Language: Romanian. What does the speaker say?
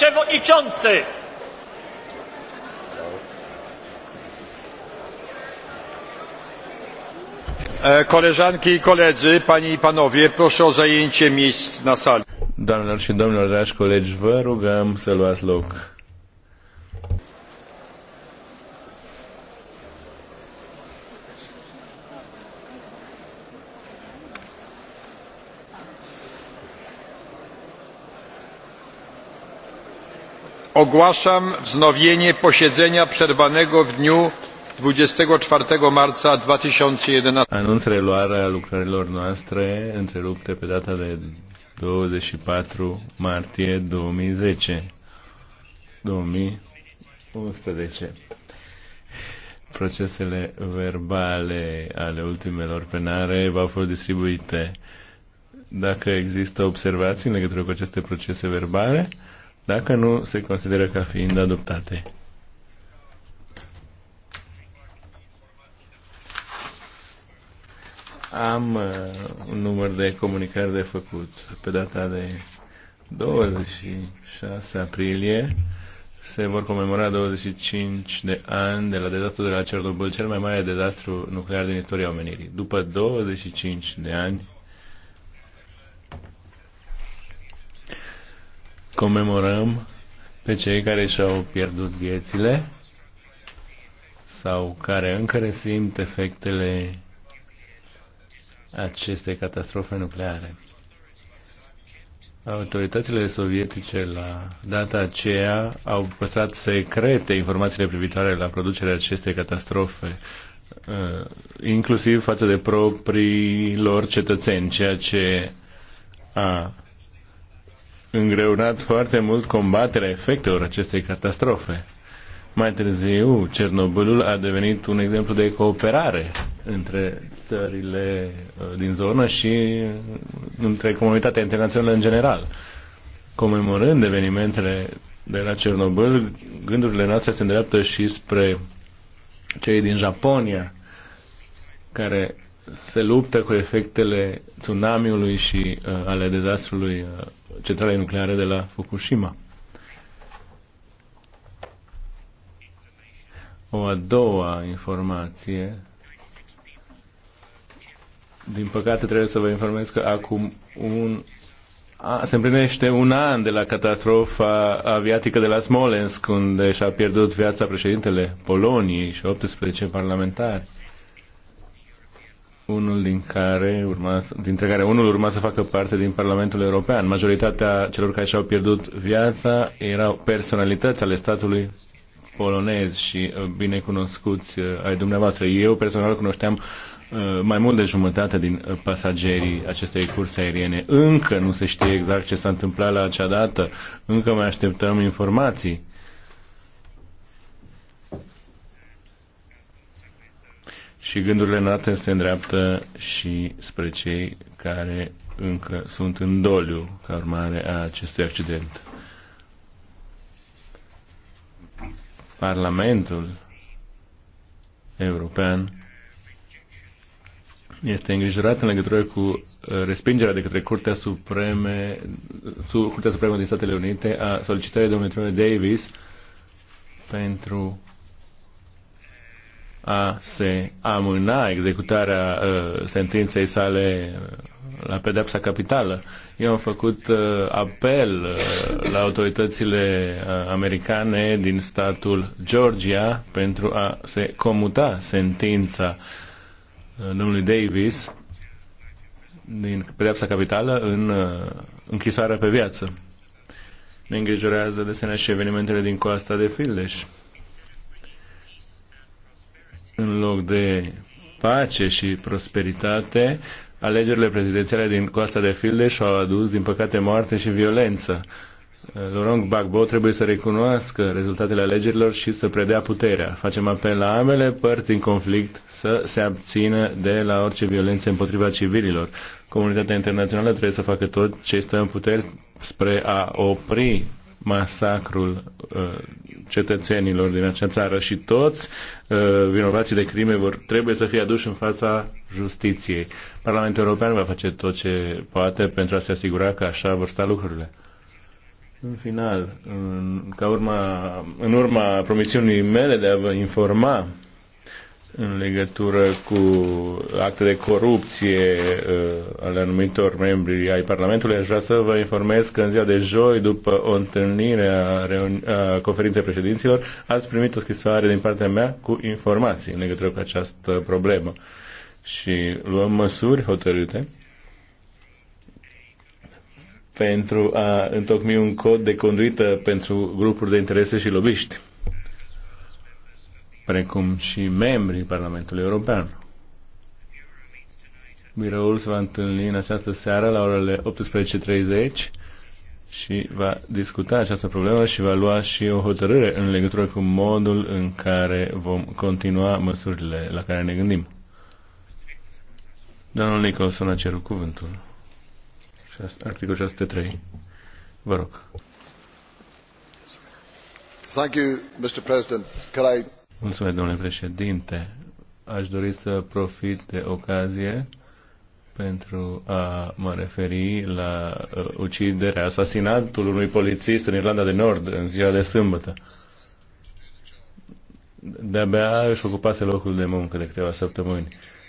przewodniczący! Koleżanki i koledzy, panie i panowie, proszę o zajęcie miejsc na sali. Domnilor și domnilor, dragi colegi, vă rugăm să luați loc. Ogłaszam wznowienie posiedzenia przerwanego w dniu 24 marca 2011. Anunț reluarea lucrărilor noastre întrerupte pe data de 24 martie 2010. 2011. Procesele verbale ale ultimelor plenare v-au fost distribuite. Dacă există observații în legătură cu aceste procese verbale, dacă nu se consideră ca fiind adoptate. Am uh, un număr de comunicări de făcut pe data de 26 aprilie se vor comemora 25 de ani de la dezastru de la Cernobâl, cel mai mare dezastru nuclear din istoria omenirii. După 25 de ani comemorăm pe cei care și-au pierdut viețile sau care încă resimt efectele acestei catastrofe nucleare. Autoritățile sovietice la data aceea au păstrat secrete informațiile privitoare la producerea acestei catastrofe, uh, inclusiv față de proprii lor cetățeni, ceea ce a îngreunat foarte mult combaterea efectelor acestei catastrofe. Mai târziu, Cernobâlul a devenit un exemplu de cooperare între țările uh, din zonă și uh, între comunitatea internațională în general. Comemorând evenimentele de la Cernobâl, gândurile noastre se îndreaptă și spre cei din Japonia, care se luptă cu efectele tsunamiului și uh, ale dezastrului uh, centralei nucleare de la Fukushima. O a doua informație. Din păcate trebuie să vă informez că acum un a, se împlinește un an de la catastrofa aviatică de la Smolensk, unde și-a pierdut viața președintele Poloniei și 18 parlamentari unul din care urma, dintre care unul urma să facă parte din Parlamentul European. Majoritatea celor care și-au pierdut viața erau personalități ale statului polonez și uh, binecunoscuți uh, ai dumneavoastră. Eu personal cunoșteam uh, mai mult de jumătate din pasagerii acestei curse aeriene. Încă nu se știe exact ce s-a întâmplat la acea dată, încă mai așteptăm informații. și gândurile noastre se îndreaptă și spre cei care încă sunt în doliu ca urmare a acestui accident. Parlamentul European este îngrijorat în legătură cu uh, respingerea de către Curtea Supreme, Curtea Supremă din Statele Unite a solicitării domnului Davis pentru a se amâna executarea uh, sentinței sale la pedepsa capitală. Eu am făcut uh, apel uh, la autoritățile uh, americane din statul Georgia pentru a se comuta sentința uh, domnului Davis din pedepsa capitală în uh, închisoarea pe viață. Ne îngrijorează de asemenea și evenimentele din coasta de Fildeș în loc de pace și prosperitate, alegerile prezidențiale din coasta de și au adus, din păcate, moarte și violență. Laurent Gbagbo trebuie să recunoască rezultatele alegerilor și să predea puterea. Facem apel la ambele părți din conflict să se abțină de la orice violențe împotriva civililor. Comunitatea internațională trebuie să facă tot ce stă în puteri spre a opri masacrul uh, cetățenilor din acea țară și toți uh, vinovații de crime vor, trebuie să fie aduși în fața justiției. Parlamentul European va face tot ce poate pentru a se asigura că așa vor sta lucrurile. În final, în, ca urma, în urma promisiunii mele de a vă informa în legătură cu acte de corupție uh, ale anumitor membri ai Parlamentului, aș vrea să vă informez că în ziua de joi, după o întâlnire a, a conferinței președinților, ați primit o scrisoare din partea mea cu informații în legătură cu această problemă. Și luăm măsuri hotărâte pentru a întocmi un cod de conduită pentru grupuri de interese și lobiști precum și membrii Parlamentului European. Biroul se va întâlni în această seară la orele 18.30 și va discuta această problemă și va lua și o hotărâre în legătură cu modul în care vom continua măsurile la care ne gândim. Domnul Nicholson a cerut cuvântul. Articol 603. Vă rog. Thank you, Mr. President. Can I Mulțumesc, domnule președinte. Aș dori să profit de ocazie pentru a mă referi la uh, uciderea, asasinatul unui polițist în Irlanda de Nord în ziua de sâmbătă. De-abia își ocupase locul de muncă de câteva săptămâni. Uh,